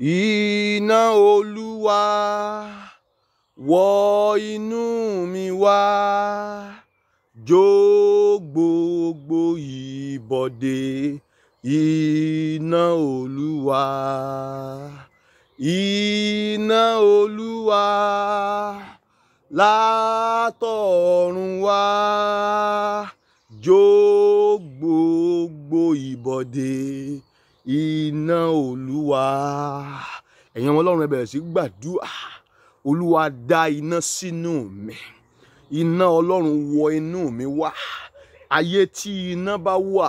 Iná Olúwa wọ inú mi wá jó gbogbo ìbọ̀dé iná Olúwa iná Olúwa látọ̀run wá jó gbogbo ìbọ̀dé iná olúwa ẹ̀yin ọmọ ọlọ́run ẹ bẹ̀rẹ̀ sí gbàdúrà olúwa dá iná sínú mi iná ọlọ́run wọ inú mi wá ayé tí iná bá wà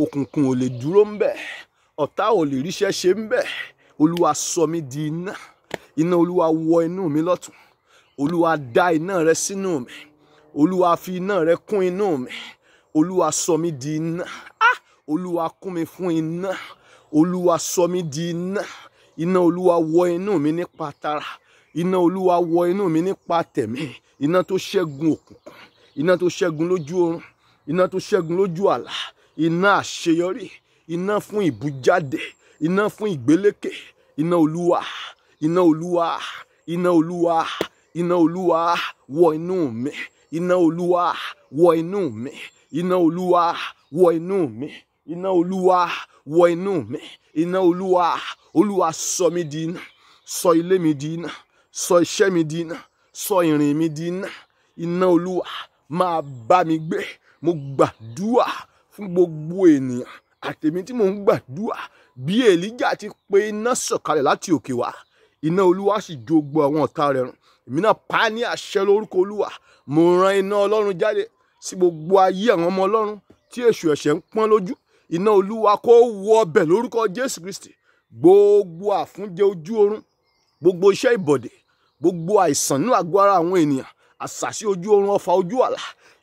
òkùnkùn ò lè dúró ń bẹ̀ ọ̀tá ò lè ríṣẹ́ ṣe ń bẹ̀ olúwa sọ mí di iná iná olúwa wọ inú mi lọ́tún olúwa dá iná rẹ sínú mi olúwa fi iná rẹ kún inú mi olúwa sọ mí di iná ah olúwa kún mi fún iná olúwa sọ mí di iná iná olúwa wọ inú mi nípa tara iná olúwa wọ inú mi nípa tẹ̀mí iná tó ṣẹ́gun òkùnkùn iná tó ṣẹ́gun lójú oorun iná tó ṣẹ́gun lójú àlá iná àṣeyọrí iná fún ìbújáde iná fún ìgbélékè iná olúwa iná olúwa iná olúwa iná olúwa wọ inú mi iná olúwa wọ inú mi iná olúwa wọ inú mi iná olúwa wọ inú mi iná olúwa olúwa sọ mi di iná sọ ilé mi di iná sọ iṣẹ́ mi di iná sọ ìrìn mi di iná iná olúwa máa bá mi gbé mo gbàdúrà fún gbogbo ènìyàn àtèmi tí mò ń gbàdúrà bí èlíjà ti pé iná sọ̀kalẹ̀ láti òkè wá iná olúwa sì jó àwọn ọ̀tá rẹ̀ run èmi náà pa á ní àṣẹ lórúkọ olúwa mo ran iná ọlọ́run jáde sí gbogbo ayé àwọn ọmọ ọlọ́run tí èṣù ẹ̀ṣẹ̀ ń pọ́n lójú iná olúwa kó wọ ọbẹ̀ lórúkọ jésù kristi gbogbo àfúnjẹ ojú oorun gbogbo iṣẹ́ ìbọ̀dè gbogbo àìsàn nínú àgọ́ ara àwọn ènìyàn àṣàṣì ojú oorun ọfà ojú àlà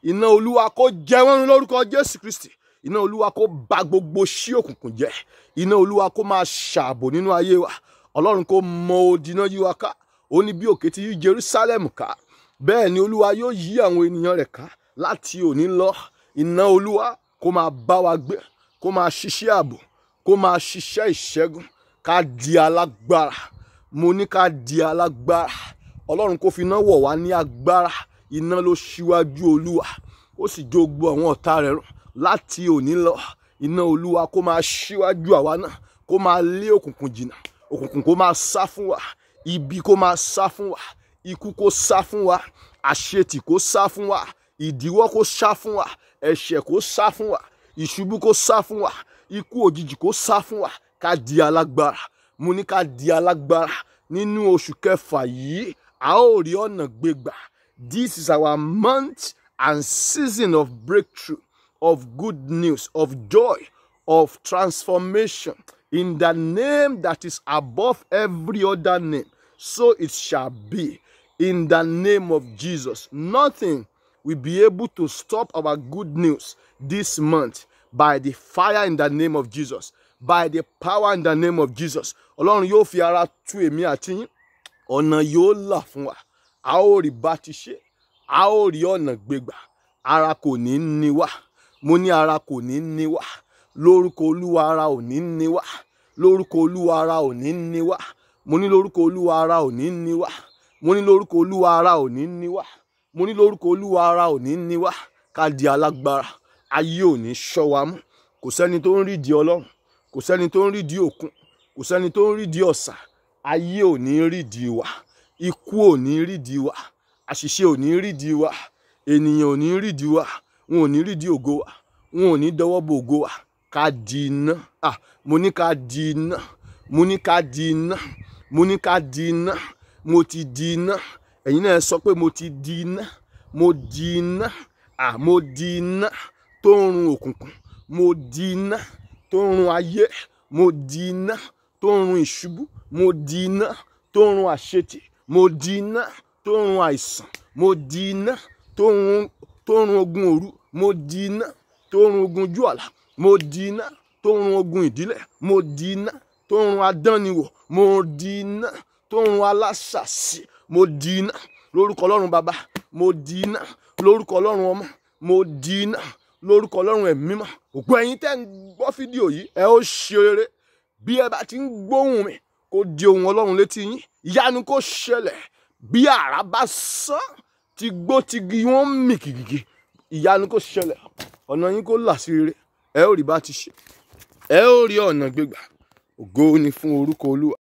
iná olúwa kó jẹ wọ́n lórúkọ jésù kristi iná olúwa kó bà gbogbo sí òkùnkùn jẹ́ iná olúwa kó máa ṣààbò nínú ayé wa ọlọ́run kó mọ odi iná yí wa ká ó ní bí òkè ti yí jerusalem ká bẹ́ẹ̀ ni olúwa yóò yí àwọn ènìyàn rẹ̀ ká láti òní lọ iná olúwa kó máa bá wa gbé kó máa ṣiṣẹ́ ààbò kó máa ṣiṣẹ́ ìṣẹ́gun ká di alágbára mo ní ká di alágbára ọlọ́run kó fi iná wọ̀ wá ní agbára iná ló ṣíwájú olúwa ó sì jó gbogbo àwọn ọ̀tá rẹ̀ run láti òní lọ iná olúwa kó máa ṣíwájú àwa náà kó máa lé òkùnkùn jìnnà òkùnkùn kó máa sá fún wa ibi kó máa sá fún wa ikú kó sá fún wa àṣetì kó sá fún wa ìdíwọ́ kó sá fún wa ẹ̀ṣẹ̀ kó sá fún wa ìṣubú kó sá fún wa ikú òjijì kó sá fún wa ká di alágbára mo ní ká di alágbára nínú oṣù kẹfà yìí a ó rí ọ̀nà gbégbà this is our month and season of breakthrough of good news of joy of transformation in the name that is above every other name so it shall be in the name of Jesus nothing will be able to stop our good news this month by the fire in the name of Jesus by the power in the name of Jesus ọlọ́run yóò fi ara tú èmi àti yín ọ̀nà yóò là fún wa a ó rí bá ti ṣe a ó rí ọ̀nà gbégbà ara kò ní ní wá mo ní ara kò ní ní wá lórúkọ olúwa ara ò ní ní wá lórúkọ olúwa ara ò ní ní wá mo ní lórúkọ olúwa ara ò ní ní wá mo ní lórúkọ olúwa ara ò ní ní wá mo ní lórúkọ olúwa ara ò ní ní wá ká di alágbára ayé ò ní ṣọ́ wa mú kò sẹ́ni tó ń rí di ọlọ́run kò sẹ́ni tó ń rí di òkun kò sẹ́ni tó ń rí di ọ̀sà ayé ò rí di wa ikú ò rí di wa àṣìṣe ò rí di wa ènìyàn ò rí di wa wọn ò rí di ògo wa wọn ò dọwọ́ bo ògo wa ká di iná ah mo ní ká di iná mo ní ká di iná mo ní ká di iná mo ti di iná ẹ̀yin náà sọ pé mo ti di iná mo di iná à mo di iná tó ń run òkùnkùn mo di iná tó ń run ayé mo di iná tó ń run ìṣubú mo di iná tó ń run àṣetì mo di iná tó ń run àìsàn mo di iná tó ń run ogun òru mo di iná tó ń run ogun ojú mo di iná tó ń run ogun ìdílé mo di iná tó ń run adánniwò mo di iná tó ń run aláṣàṣì mo di iná lórúkọ ọlọ́run bàbá mo di iná lórúkọ ọlọ́run ọmọ mo di iná lórúkọ ọlọ́run ẹ̀mí mọ́ òpó ẹ̀yin tẹ́ ń gbọ́ fídíò yìí ẹ ó ṣe rere bí ẹ bá ti ń gbóhùn mi kó di ohùn ọlọ́run létí yín ìyanu kó ṣẹlẹ̀ bí àrá bá sán ti gbó ti gi wọ́n mì kìkìkì ìyanu kó ṣẹlẹ̀ ọ̀nà yín kó là sí rere ẹ ó rí bá ti ṣe ẹ ó rí ọ̀nà gbégbà ògo ni fún orúkọ olúwa.